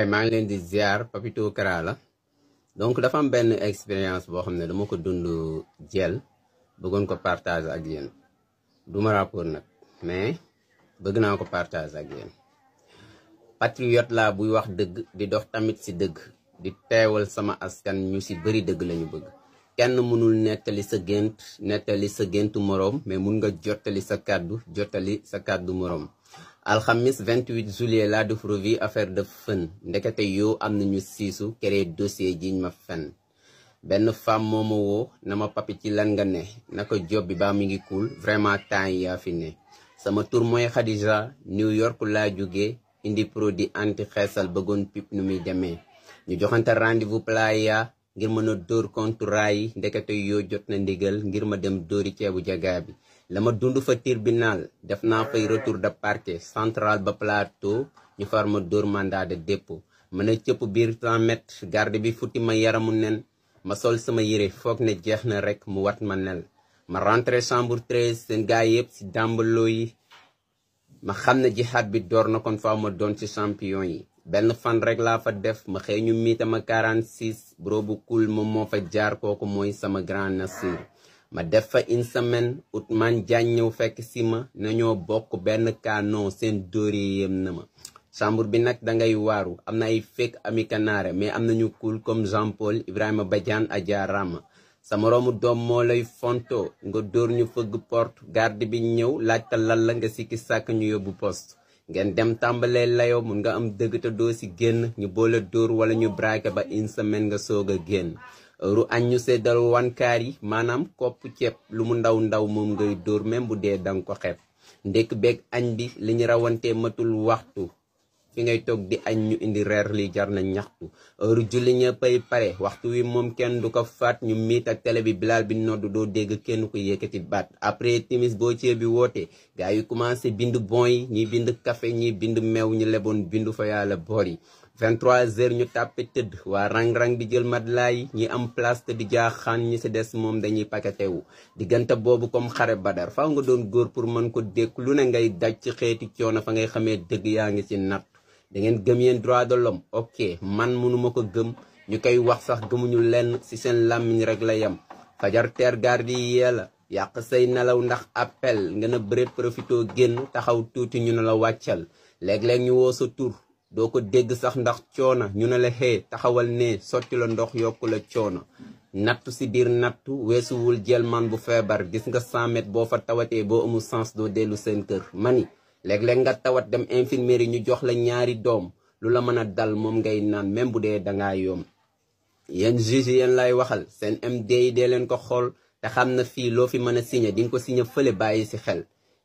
Eh, maa ngi leen di ziar Papito Kara la donc dafa am benn expérience boo xam ne dama ko dund jël bëggoon ko partage ak yéen du ma nag mais bëgg naa ko partage ak yéen patriote laa buy wax dëgg di dox tamit ci dëgg di teewal sama askan ñu ci bari dëgg lañu bëgg kenn mënul nettali sa gént nettali sa géntu moroom mais mun nga jottali sa kàddu jottali sa kàddu moroom alxamis 28 juillet la rovie affaire de fen ndekete yoo am nañu siisu créé dossier jiñ ma fen benn femme moo ma woo na ma papi ci lan nga ne naka job bi ba mi ngi cool vraiment temps yi yaa fi ne sama tur mooy Khadija New York laa jóge indi produit anti xeesal bëggoon pip nu muy demee ñu joxante rendez-vous playa ngir mën a dóor contre yi ndekete yoo jot na ndigal ngir ma dem dóori ceebu jagaa bi la ma dund fa tribunal def naa fay retour de parquet central ba plateau ñu far ma dóor mandat de dépôt mën a biir 100 mètres garde bi futti ma yaramu nen ma sol sama yére foog ne jeex na rek mu wat ma nel ma rentré chambre 13 seen gaay yëpp si dàmbaloo yi ma xam ne jihad bi door na kon faaw ma doon ci champion yi benn fan rek laa fa def ma xëy ñu miitama 46 bro bu moom moo fa jaar kooku mooy sama grand Nasir ma def fa une semaine Ousmane Diagne ñëw fekk si ma nañoo bokk benn kaano seen dóori yem na ma chambre bi nag dangay waaru am na ay fekk ami kanaare mais am na ñu cool comme Jean Paul Ibrahima Badiane ajaarama sa moroomu doom moo lay fonto nga dóor ñu fëgg porte garde bi ñëw laajta lan la nga sikki sàkk ñu yóbbu poste ngeen dem tàmbalee layoo mun nga am dëgg te doo si génn ñu boole dóor wala ñu braqué ba une semaine nga soog a génn ru añ ñu seddal wankaar yi maanaam koppu ceeb lu mu ndaw ndaw moom ngay dóor même bu dee danga ko xeeb ndekk beeg añ bi li ñu rawantee matul waxtu fi ngay toog di añ ñu indi reer li jar na ñaxtu heure julli ñëppay pare waxtu wi moom kenn du ko faat ñu miit ak télé bi bilal bi nodd doo dégg kenn ko yëkkati baat après timis boo cee bi woote gars yi commencé bind bon yi ñi bind kafe ñi bind meew ñi leboon bindu fa yàlla boor yi 23h ñu tàppe tëdd waa rang-rang di jël matelas yi ñi am place te di jaaxaan ñi si des moom dañuy paqueté diggante boobu comme xare badar faw nga doon góor pour mën ko dékk lu ne ngay daj ci xeeti fa ngay xamee dëgg yaa ngi ci natt da ngeen gëm yeen droit de l'homme ok man mënuma ko gëm ñu koy wax sax gëmuñu lenn ci seen làmmiñ rek la yem fajar teer gardi yee la yàq say nelaw ndax appel nga na bëre profito génn taxaw tuuti ñu ne la wàccal léeg-léeg ñu woo sa tur doo ko dégg sax ndax coono ñu ne la xee taxawal ne sotti ndox yokku la coono nattu ci biir nattu weesuwul jël man bu feebar gis nga 100 boo fa tawatee boo amul sens doo dellu seen kër mani léeg-léeg nga tawat dem infirmerie ñu jox la ñaari doom lu la mën a dal moom ngay naan même bu dee dangaa yoom yéen juge yéen lay waxal seen MD yi dee leen ko xool te xam na fii loo fi mën a signé di nga ko signé fële bàyyi si xel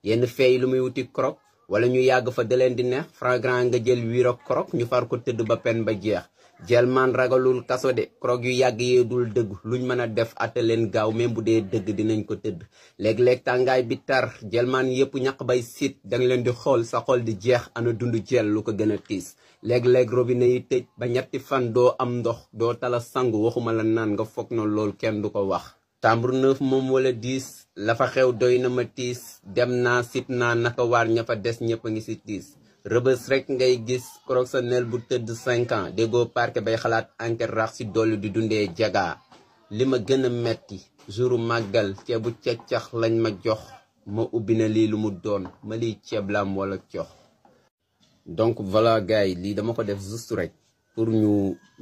yenn feey lu muy wuti krok wala ñu yàgg fa da leen di neex flagrant nga jël wiiro krok ñu far ko tëdd ba pen ba jeex Jelman ragalul kaso de krog yu yàgg yee dul dëgg luñ mën a def atte leen gaaw même bu dee dëgg dinañ ko tëdd léeg-léeg tàngaay bi tar Jelman yëpp ñaq bay siit danga leen di xool sa xool di jeex ana dund jel lu ko gën a tiis léeg-léeg robinet yi tëj ba ñetti fan doo am ndox doo tala sangu waxuma la naan nga foog na lool kenn du ko wax chambre neuf moom walla dix la fa xew doy na ma tiis dem naa sit naa naka waar ña fa des ñëpp a ngi si tiis rëbës rek ngay gis correctionnel bu tëdd cinq ans déggoo parquet bay xalaat enquête rax si dolli di dundee jaga li ma gën a metti jouru màggal ceebu ceccax lañ ma jox ma ubbi na lii lu mu doon ma liy ceeb laam wala cox donc voilà gars yi lii dama ko def juste rekk pour ñu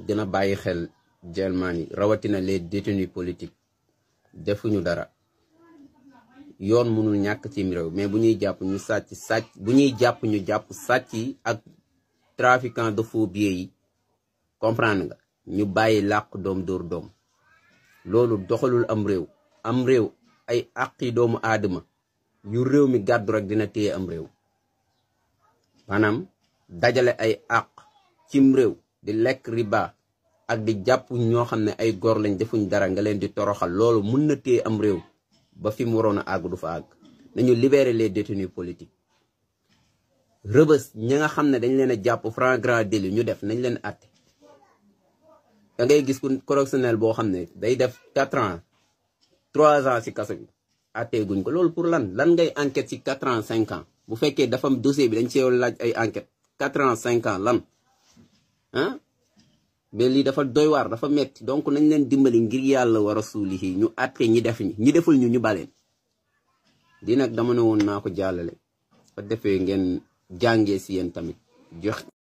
gën a bàyyi xel jelmaan yi rawatina les détenus politiques defuñu dara yoon mënul ñàkk ci réew mais bu ñuy jàpp ñu sàcc sàcc bu ñuy jàpp ñu jàpp sàcc yi ak trafiquant de faux billets yi comprendre nga ñu bàyyi làq doom dóor doom loolu doxalul am réew am réew ay àqi doomu aadama yu réew mi gàddu rek dina téye am réew maanaam dajale ay àq cim réew di lekk riba ak di jàpp ñoo xam ne ay góor lañ defuñ dara nga leen di toroxal loolu mun na téye am réew ba fi mu waroon a àgg du fa àgg nañu libérer les détenus politiques rëbës ña nga xam ne dañ leen a jàpp flagrant délit ñu def nañ leen atte da ngay gis correctionnel boo xam ne day def quatre ans trois ans ci kaso bi atte guñ ko loolu pour lan lan ngay enquête ci quatre ans cinq ans bu fekkee dafa am dossier bi dañ cee laaj ay enquête quatre ans cinq ans lan ah mais lii dafa doy waar dafa metti donc nañ leen dimbali ngir yàlla wa rasulihi ñu àtte ñi def ñi ñi deful ñu ñu baleen di nag dama ne woon naa ko jàllale fa defee ngeen jàngee si yéen tamit jox